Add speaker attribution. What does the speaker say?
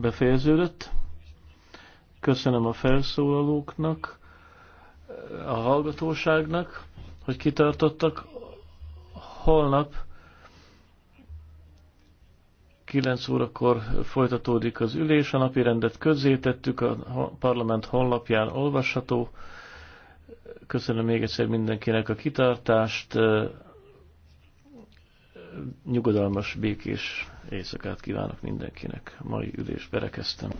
Speaker 1: befejeződött. Köszönöm a felszólalóknak, a hallgatóságnak, hogy kitartottak. Holnap 9 órakor folytatódik az ülés, a napi rendet közzétettük, a parlament honlapján olvasható. Köszönöm még egyszer mindenkinek a kitartást, nyugodalmas, békés éjszakát kívánok mindenkinek. A mai ülés berekeztem.